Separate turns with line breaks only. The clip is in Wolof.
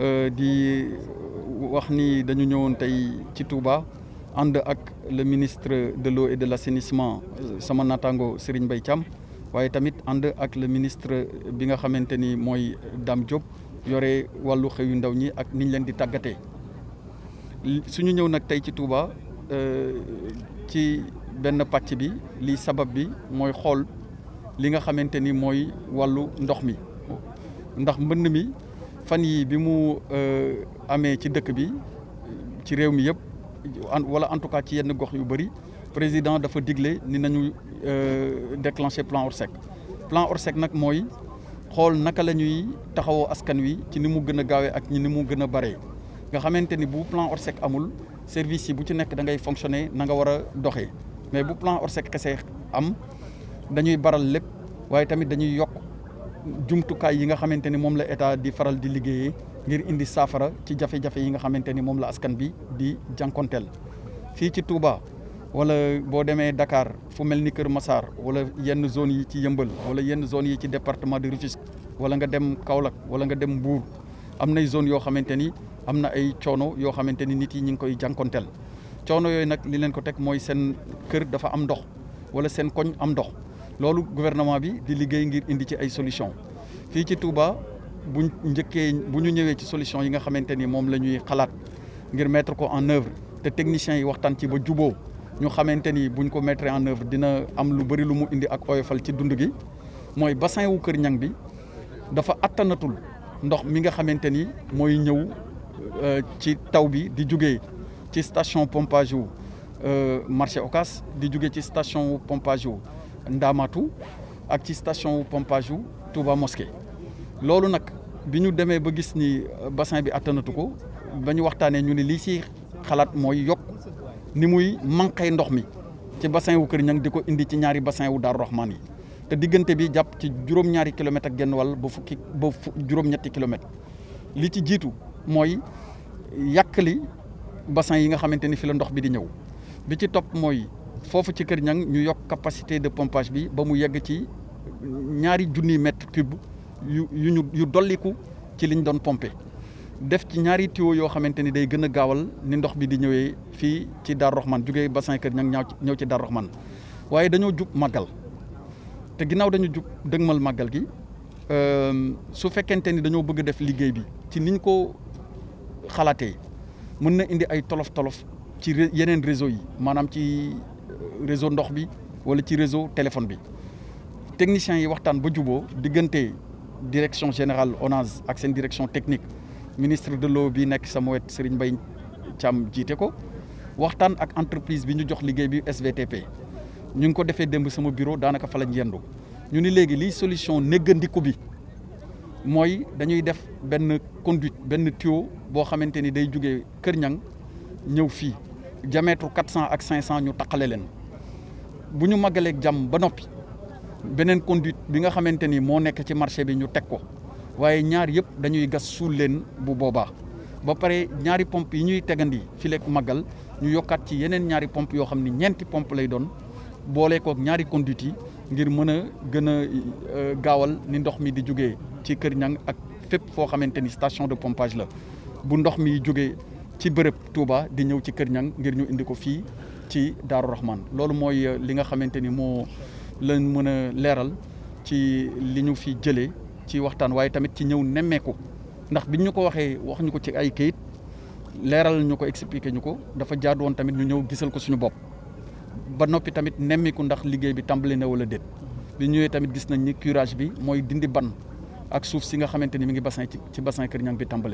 Euh, di euh, wax ni dañu ñëwoon tey ci Touba ànd ak le ministre de l'eau et de l'assainissement sama naataango Serigne Mbaye Thiam waaye tamit ànd ak le ministre bi nga xamante ni mooy Dame Diop yore wàllu xëyu ndaw ñi ak niñ leen di tàggatee suñu ñëw nag tey ci Touba euh, ci benn pàcc bi li sabab bi mooy xool li nga xamante ni mooy wàllu ndox mi ndax mbënn mi fan yii bi mu euh, amee ci dëkk bi ci réew mi yëpp wala en tout cas ci yenn gox yu bëri président dafa digle ni nañu euh, déclencher plan Orsec plan Orsec nag mooy xool naka la ñuy taxawoo askan wi ci ni mu gën a gaawee ak ñi ni mu gën a baree nga xamante ni bu plan Orsec amul service yi bu ci nekk da ngay fonctionner na nga war a doxee mais bu plan Orsec kese am dañuy baral lépp waaye tamit dañuy yokk. jumtukaay yi nga xamante ni moom la état di faral di liggéeyee ngir indi saafara ci jafe-jafe yi nga xamante ni moom la askan bi di jànkonteel fii ci Touba wala boo demee dakaar fu mel ni Kër Massar wala yenn zone yi ci Yëmbal wala yenn zone yi ci département de Rufisque wala nga dem Kaolack wala nga dem Mbour am nay zone yoo xamante ni am na ay coono yoo xamante ni nit yi ñu ngi koy jànkonteel coono yooyu nag li leen ko teg mooy seen kër dafa am ndox wala seen koñ am ndox loolu gouvernement bi di liggéey ngir indi ci ay solution fii ci Touba buñ njëkkee bu ñu ñëwee ci solution yi nga xamante ni moom la ñuy xalaat ngir mettre ko en œuvre te techniciens yi waxtaan ci ba juboo ñu xamante ni bu buñ ko mettre en œuvre dina am lu bëri lu mu indi ak oyofal ci dund gi mooy bassin wu Kër Ñang bi dafa attanatul ndox mi nga xamante ni mooy ñëw euh, ci taw bi di jugee ci station pompage wu euh, marché Ocass di jugee ci station pompage wu Ndaamatu ak ci station wu pompage wu Touba Mosquée loolu nag bi ñu demee ba gis ni euh, bassan bi attanatu ko ba ñu waxtaanee ñu ne lii si xalaat mooy yokk ni muy manqué ndox mi ci bassin wu Kër Ñang di ko indi ci ñaari bassin wu Daaru Rahman yi te diggante bi jàpp ci juróom-ñaari kilomètres ak genn wàll ba fukki ba juróom-ñetti kilomètres li ci jiitu mooy yàq li yi nga xamante ni fi la ndox bi di ñëw bi ci topp mooy. foofu ci Kër Niang ñu yokk capacité de pompage bi ba mu yegg ci ñaari junniy mètre cube yu yu ñu yu dolliku ci liñ doon pompe def ci ñaari tuyau yoo xamante ni day gën a gaawal ni ndox bi di ñëwee fii ci Darou Rahmane jugee bassin Kër Niang ñaaw ñëw ci Darou Rahmane waaye dañoo jub màggal te ginnaaw dañu jub dëgmal màggal gi euh, su fekkente ni dañoo bëgg def liggéey bi ci niñ ko xalaatee mën na indi ay tolof tolof ci yeneen réseau yi maanaam ci. réseau ndox bi wala ci réseau téléphone bi techniciens yi waxtaan ba juboo diggante direction général ONAS ak seen direction technique ministre de l'eau bi nekk sama wet Serigne Mbaye Thiam jiite ko waxtaan ak entreprise bi ñu jox liggéey bi SVTP ñu ngi ko defee démb sama bureau daanaka fala lañ ñu ni léegi liy solution néggandiku bi mooy dañuy def benn conduite benn tuyau boo xamante ni day jóge Kër Ñang ñëw fii diamètre quatre cent ak cinq cent ñu taqale leen bu ñu màggaleeg jàmm ba noppi beneen conduite bi nga xamante ni moo nekk ci marché bi ñu teg ko waaye ñaar yëpp dañuy gas suul leen bu boobaa ba pare ñaari pompe yi ñuy tegandi fileeg maggal ñu yokkaat ci yeneen ñaari pompe yoo xam ni ñeenti pompe lay doon boole kook ñaari conduite yi ngir mën a gën a e, gaawal ni ndox mi di jógee ci Kër Ñang ak fépp foo xamante ni station de pompage la bu ndox mi jógee ci bërëb Touba di ñëw ci Kër Ñang ngir ñu indi ko fii ci Daaru Rahman loolu mooy euh, li nga xamante ni moo la mën a leeral ci li ñu fi jëlee ci waxtaan waaye tamit ci ñëw nemmeeku ndax biñ ñu ko waxee wax ñu ko ci ay kayit leeral ñu ko expliqué ñu ko dafa jaadu woon tamit ñu ñëw gisal ko suñu bopp ba noppi tamit nemmiku ndax liggéey bi tàmbali na wala déet bi ñëwee tamit gis nañ ñi curage bi mooy dindi ban ak suuf si nga xamante ni mi ngi bassin ci ci bassin Kër Ñang bi tàmbali